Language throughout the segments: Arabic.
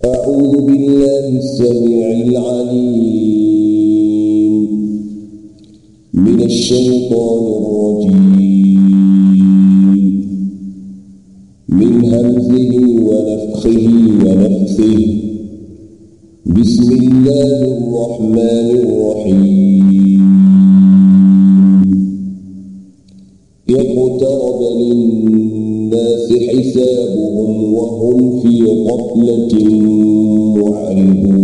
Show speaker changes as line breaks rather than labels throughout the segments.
أعوذ بالله السميع العليم من الشيطان الرجيم من همزه ونفخه ونفثه بسم الله الرحمن
الرحيم
اقترب للناس حسابهم وهم في غفلة معرضون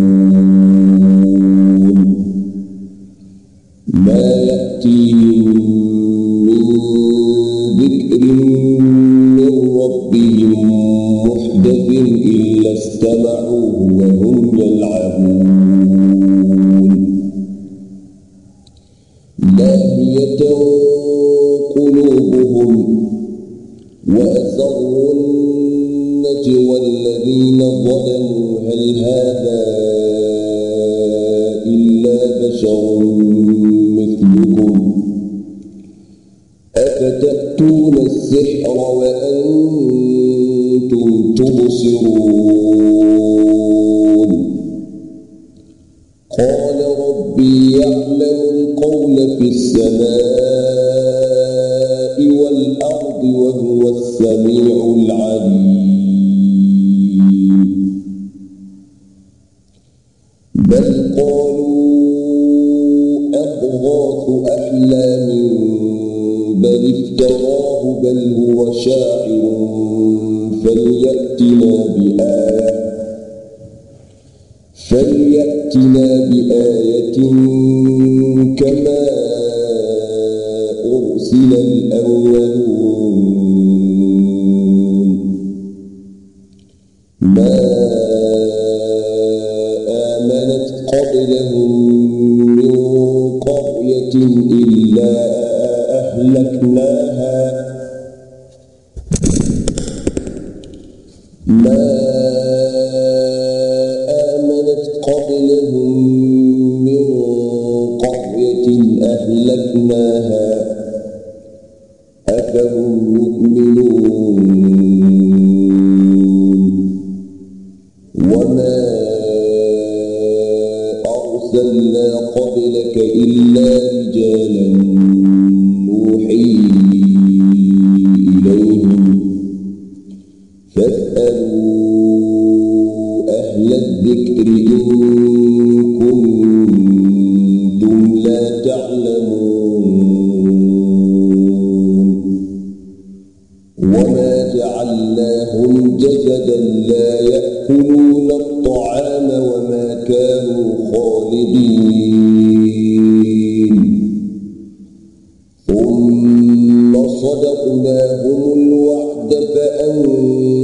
soul إلا أهلكناها ربك فأنت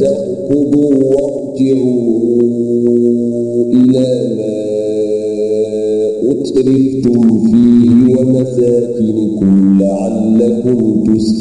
تركضوا وارجعوا إلى ما أترفتم فيه ومساكنكم لعلكم تسلمون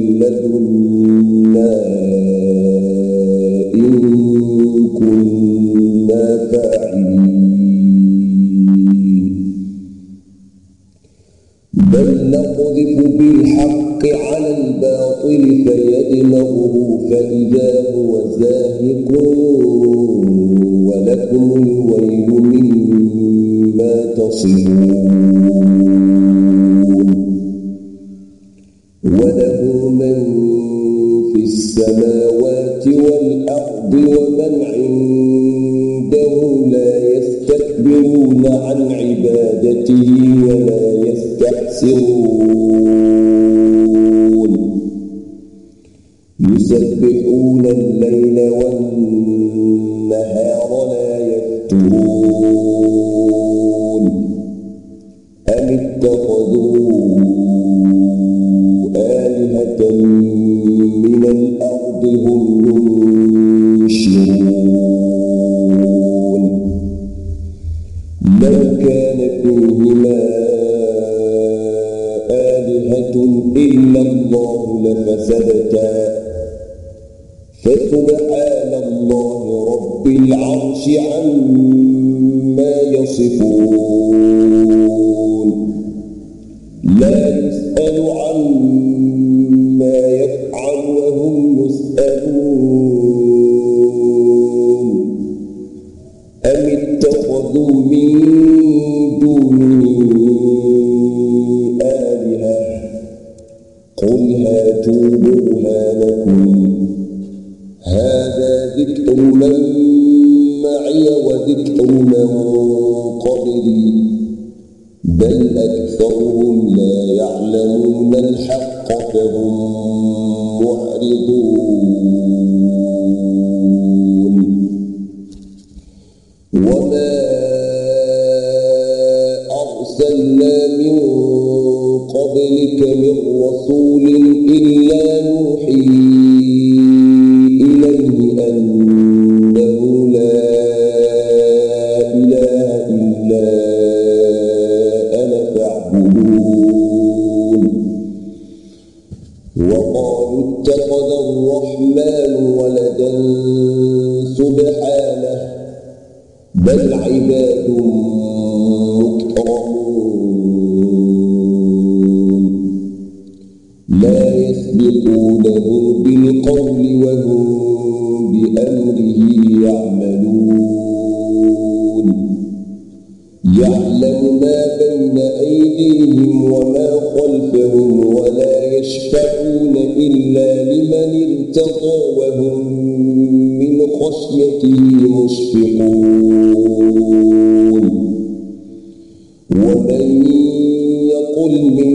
لدنا إن كنا
فاعلين
بل نقذف بالحق على الباطل فيدمغه فإذا هو زاهق يأتيك من رسول إلا نوحي ninguém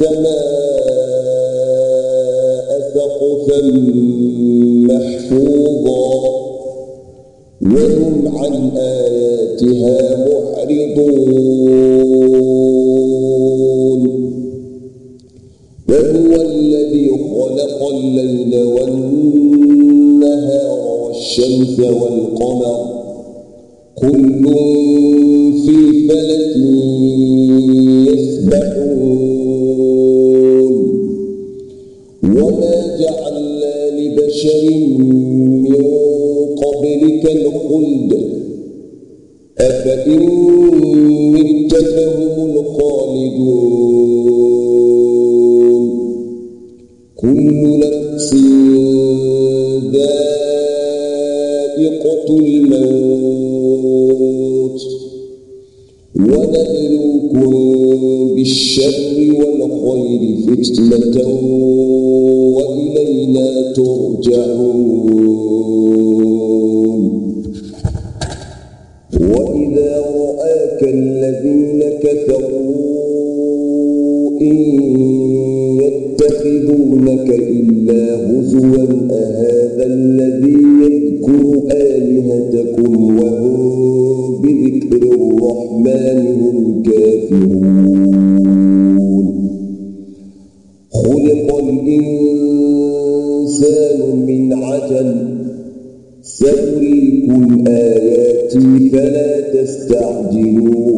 السماء سقفا وإلينا ترجعون وإذا رآك الذين كفروا إن يتخذونك إلا هزوا أهذا الذي يذكر آلهتكم وهم بذكر الرحمن هم كافرون تستعجلون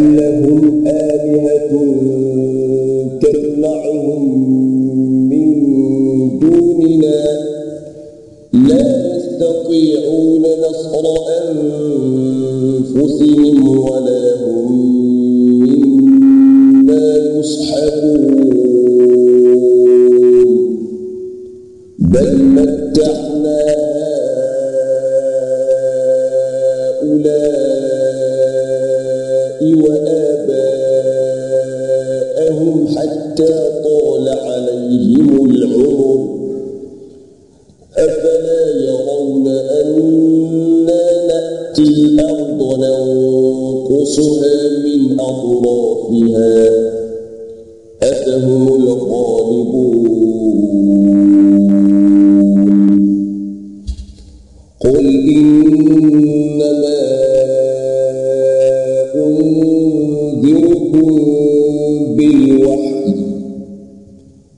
لعلهم آلهة تمنعهم من دوننا لا يستطيعون نصر أنفسهم ولا بالوحي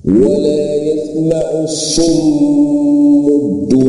ولا يسمع الصم الدعاء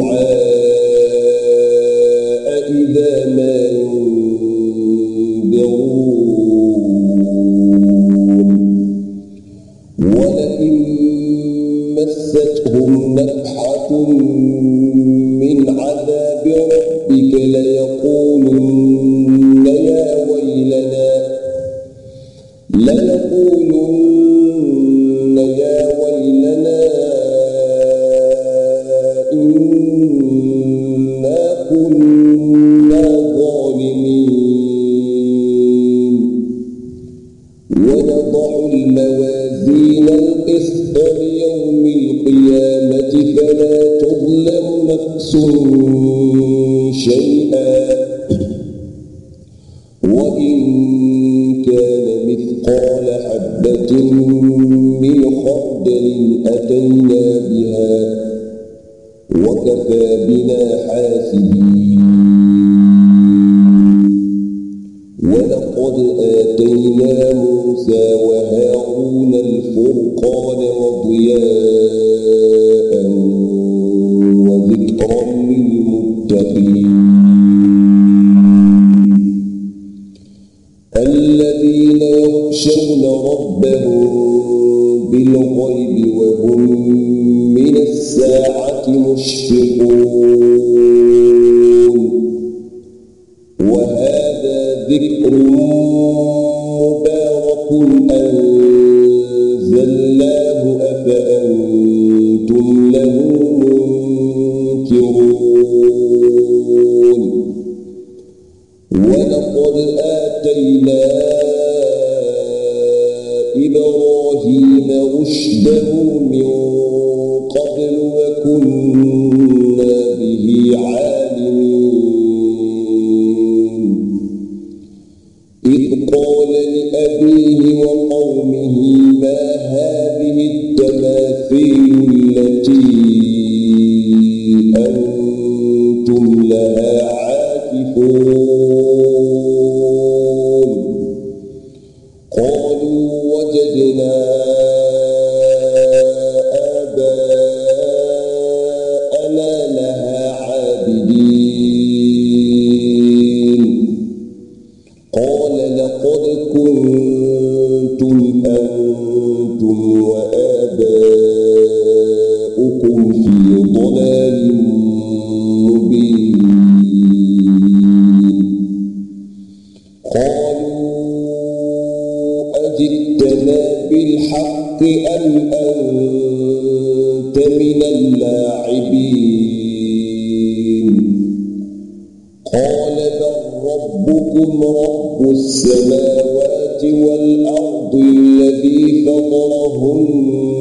إلا بها وكفى بنا حاسبين ولقد آتينا موسى وهارون الفرقان وضياء رب السماوات والأرض الذي فطرهن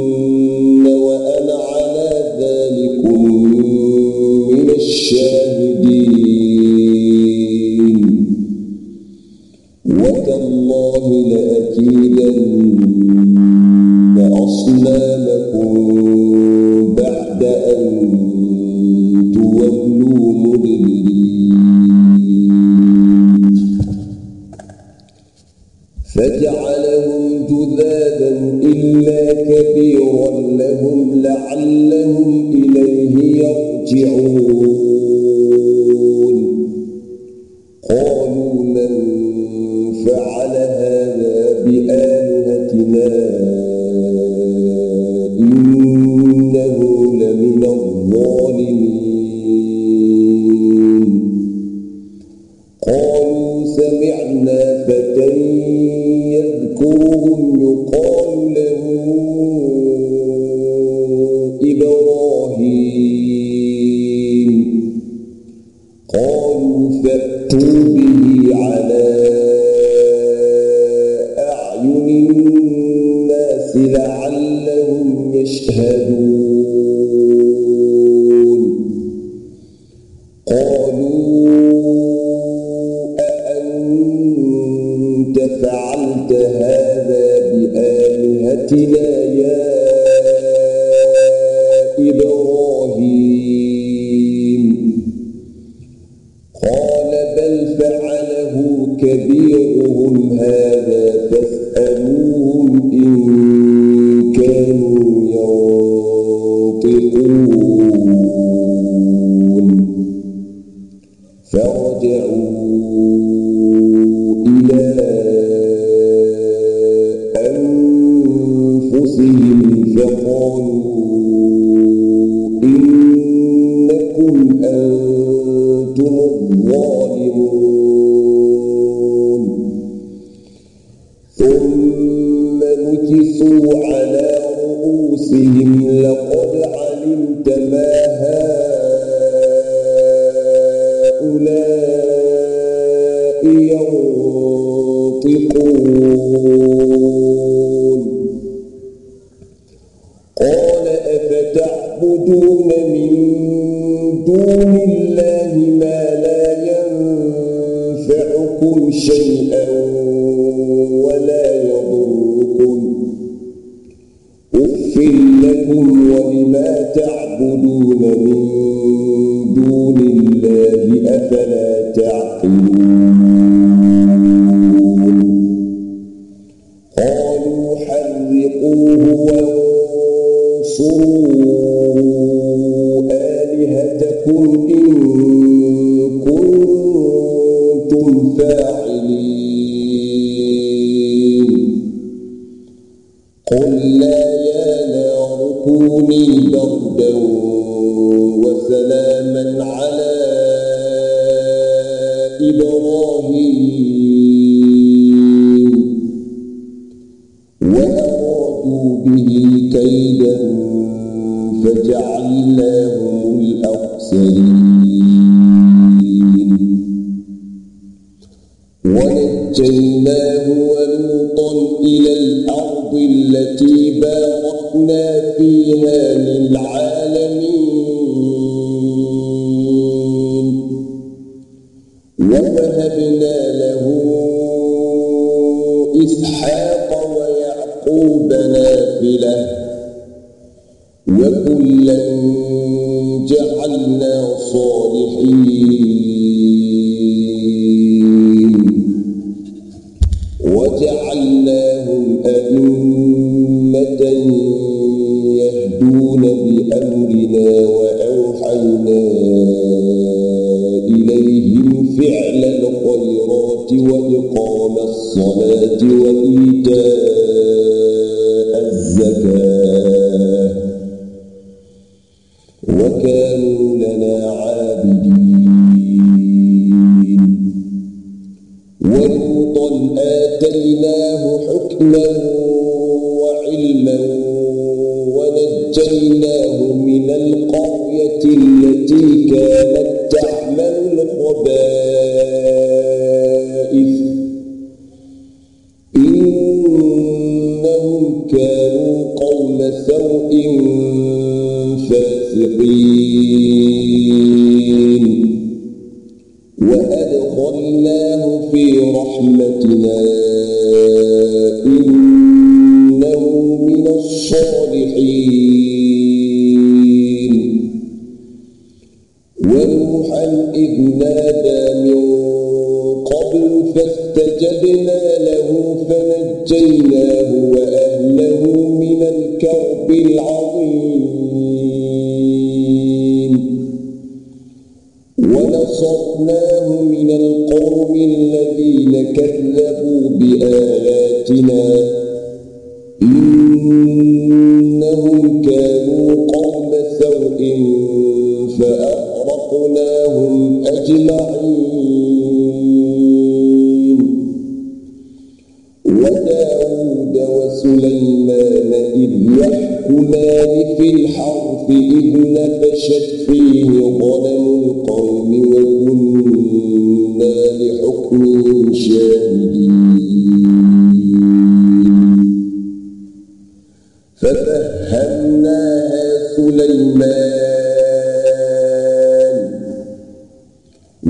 سليمان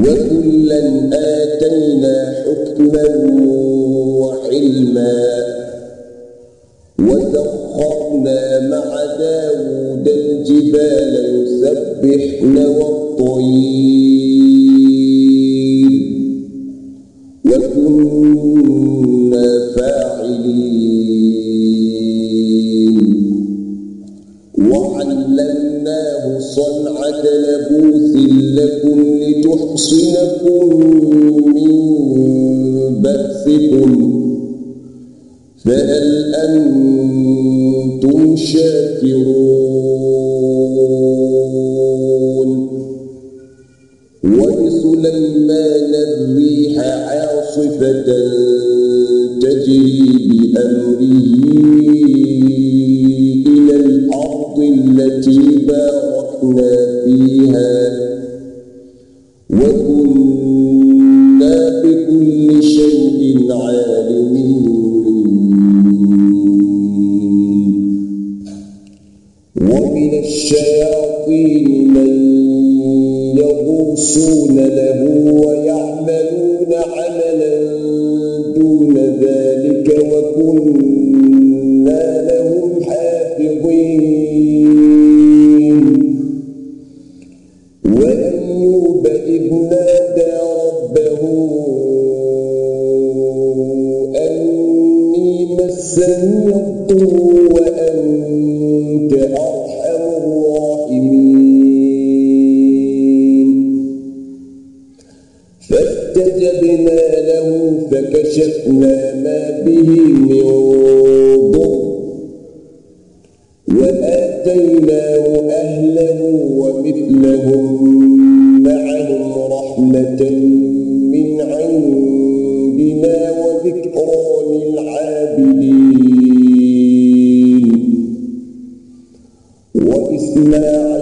وكلا آتينا حكما وحلما وسخرنا مع داود الجبال يسبحن والطير وكنا بكل شيء عالمين ومن الشياطين هدى وذكرى للعابدين وإسماعيل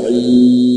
خاشعين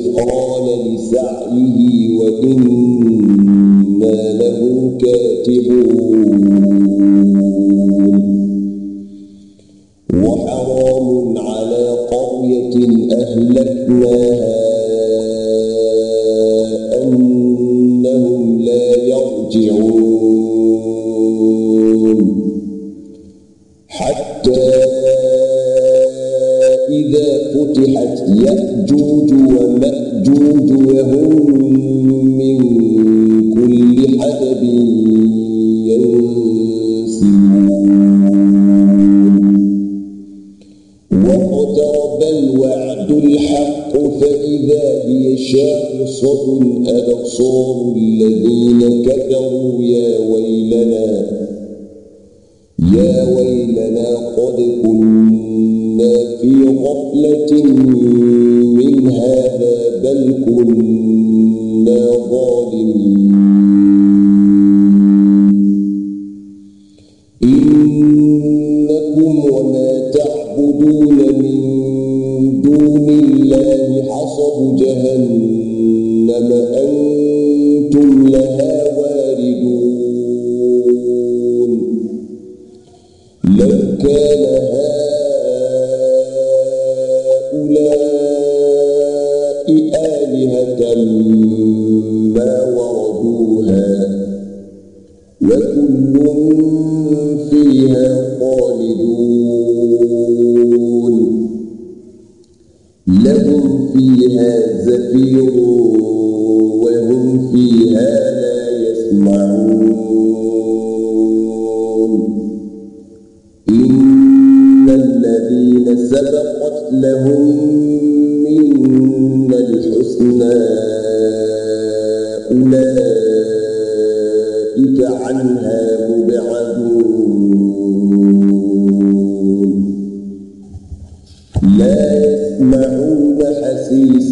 إثقال لسعيه وإنا له كاتبون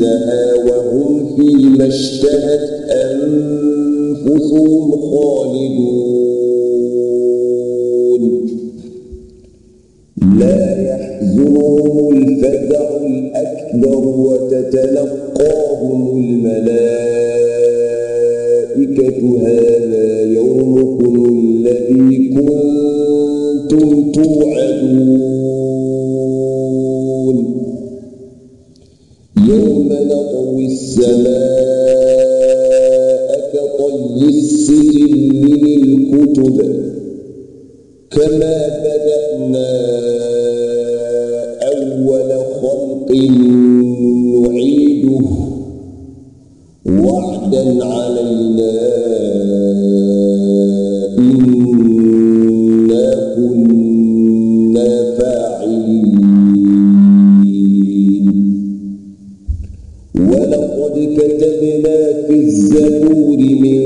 خبزها وهم فيما اشتهت أنفسهم خالدون الزبور من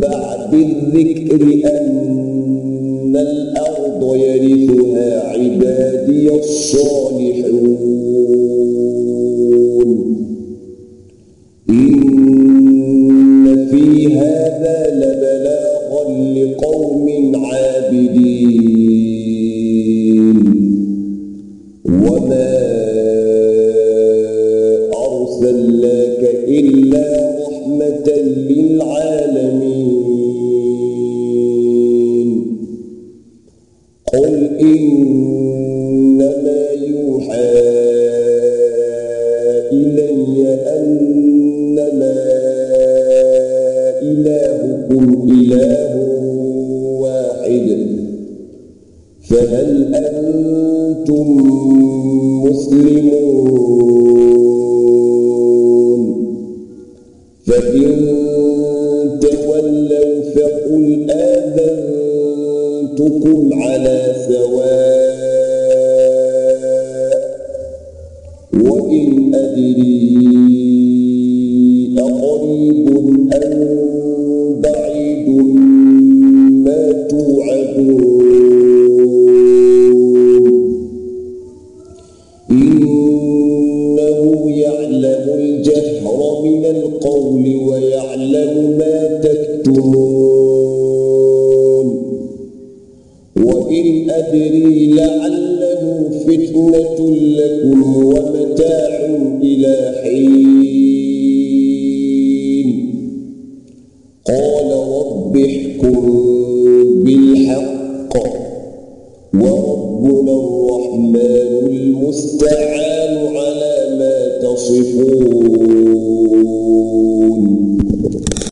بعد الذكر أن الأرض يرثها عبادي الصالحون فإن تولوا فقل آذنتكم